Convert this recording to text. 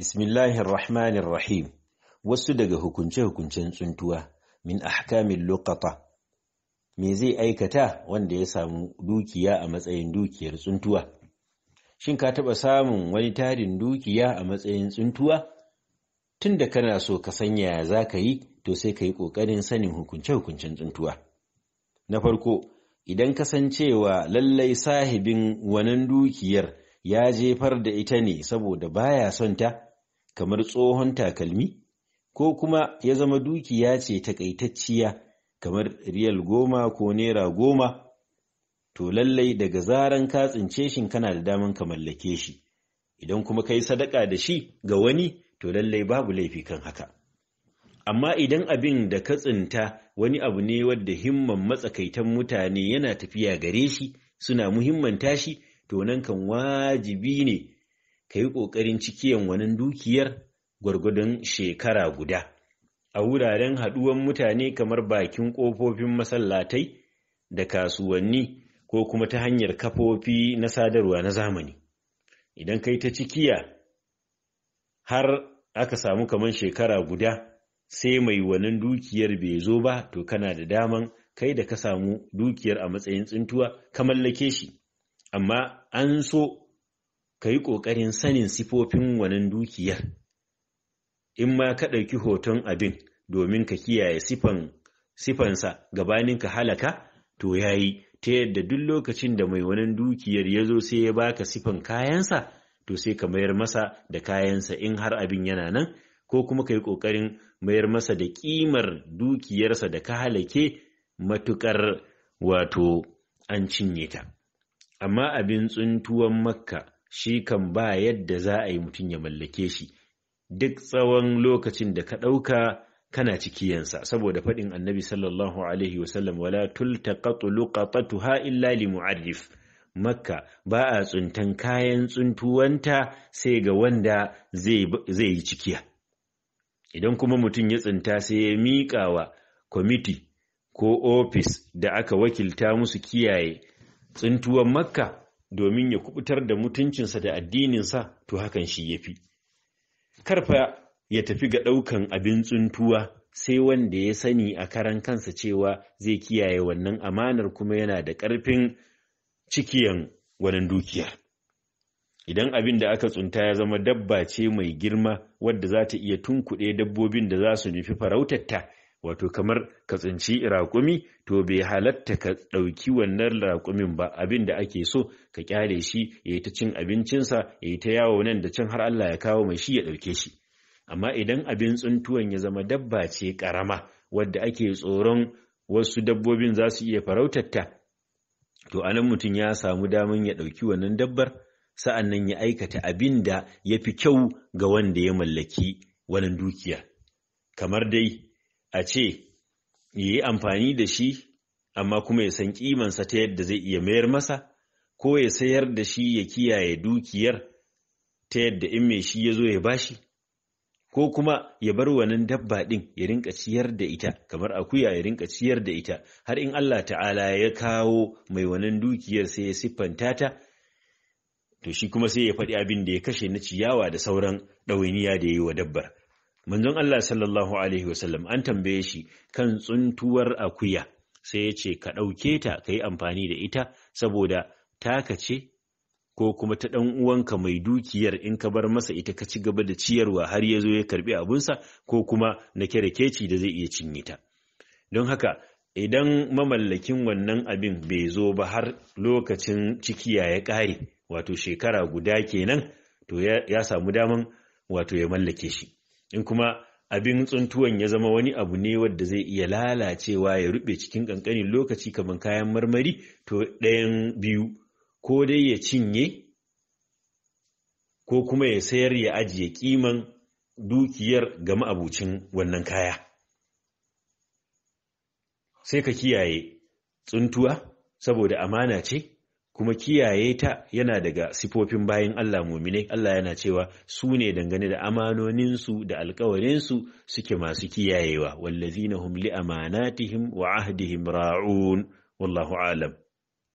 Bismillahir Rahmanir Rahim wasu daga hukunce-hukuncen tsuntuwa min ahkamin luqata me zai aikata wanda ya samu dukiya a matsayin dukiyar tsuntuwa shin ka taɓa samun wani tarin dukiya a matsayin tsuntuwa tunda kana so ka sanya za ka yi to sai ka yi ƙoƙarin sanin hukunce-hukuncen tsuntuwa na farko idan ka san cewa lallai sahibin wannan dukiyar ya jefar da ita ne saboda baya son ta kamar tsohon takalmi ko kuma ya zama dukiya ce takaitacciya kamar riyal goma ko naira goma to lallai daga zaran ka tsince shi kana da daman ka mallake shi idan kuma kai sadaka da shi ga wani to lallai babu laifi kan haka amma idan abin da ka tsinta wani abu ne wadda himman matsakaitan mutane yana tafiya gare shi suna muhimmanta shi to nan kan wajibi ne ka yi ƙoƙarin cikiyan wani dukiyar gwargwadon shekara guda a wuraren haɗuwan mutane kamar bakin ƙofofin masallatai da kasuwanni ko kuma ta hanyar kafofi na sadarwa na zamani idan kai ta cikiya har aka samu kamar shekara guda sai mai wannan dukiyar bai zo ba to kana da daman kai da ka samu dukiyar a matsayin tsintuwa ka mallake shi amma an so ka yi ƙoƙarin sanin sifofin wannan dukiyar in ma ka ɗauki hoton abin domin ka kiyaye sifansa gabanin ka halaka to yi ta yadda duk lokacin da mai wannan dukiyar ya zo sai ya baka sifan kayansa to sai ka mayar masa da kayansa in har abin yana nan ko kuma ka yi ƙoƙarin mayar masa da ƙimar dukiyarsa da ka halake matuƙar wato an cinye ta amma abin tsuntuwan makka shi kan ba yadda za a yi mutum ya mallake shi duk tsawon lokacin da ka ɗauka kana ciki cikiyansa saboda faɗin annabi sallallahu alaihi wasallam wala tulta, tultaqatu luqatatuha illa li mu'arrif makka ba a tsuntan kayan tsuntuwanta sai ga wanda zai yi cikiya idan kuma mutum ya tsinta sai ya miƙa wa kwamiti ko ofis da aka wakilta musu kiyaye tsuntuwan makka domin ya kubutar da mutuncinsa da addininsa to hakan shi ya fi. Karfa ya tafi ga ɗaukan abin tsuntuwa sai wanda ya sani a karan kansa cewa zai kiyaye wannan amanar kuma yana da ƙarfin cikiyan wannan dukiya. Idan abin da aka tsunta ya zama dabba ce mai girma wadda za ta iya tunkuɗe dabbobin da za su nufi farautarta wato kamar ka tsinci raƙumi to bai halatta ka ɗauki wannan raƙumin ba abin da ake so ka kyale shi ya yi ta cin abincinsa ya yi ta yawo nan da cin har Allah ya kawo mai shi ya ɗauke shi amma idan abin tsuntuwan ya zama dabba ce ƙarama wadda ake tsoron wasu dabbobin za su iya farautarta to anan mutum ya samu daman ya ɗauki wannan dabbar sa'an nan ya aikata abin da ya fi kyau ga wanda ya mallaki wannan dukiya kamar dai a ce ya yi amfani da shi amma kuma ya san kimansa ta yadda zai iya mayar masa ko ya sayar da shi ya kiyaye dukiyar ta yadda in mai shi ya zo ya bashi ko kuma ya bar wannan dabba ɗin ya rinka ciyar da ita kamar akuya ya rinka ciyar da ita har in Allah ta'ala ya kawo mai wannan dukiyar sai ya siffanta ta to shi kuma sai ya faɗi abin da ya kashe na ciyawa da sauran ɗawainiya da ya yi wa dabbar manzon Allah sallallahu alaihi wasallam an tambaye shi kan tsuntuwar akuya sai ya ce ka ɗauke ta ka yi amfani da ita saboda taka ce ko kuma ta ɗan uwanka mai dukiyar in ka bar masa ita ka ci gaba da ciyarwa har ya zo ya karbi abunsa ko kuma na keci da zai iya cinye ta don haka idan mamallakin wannan abin bai zo ba har lokacin cikiya ya ƙare wato shekara guda kenan to ya samu daman wato ya mallake shi in kuma abin tsuntuwan ya zama wani abu ne wadda zai iya lalacewa ya rube cikin ƙanƙanin lokaci kamar kayan marmari to ɗayan biyu ko dai ya cinye ko kuma ya sayar ya ajiye kiman dukiyar ga ma'abucin wannan kaya sai ka kiyaye tsuntuwa saboda amana ce kuma kiyaye ta yana daga sifofin bayan Allah mumine, Allah yana cewa su ne dangane da amanoninsu da alkawarinsu suke masu kiyayewa wallazina hum li amanatihim wa ahdihim ra'un wallahu alam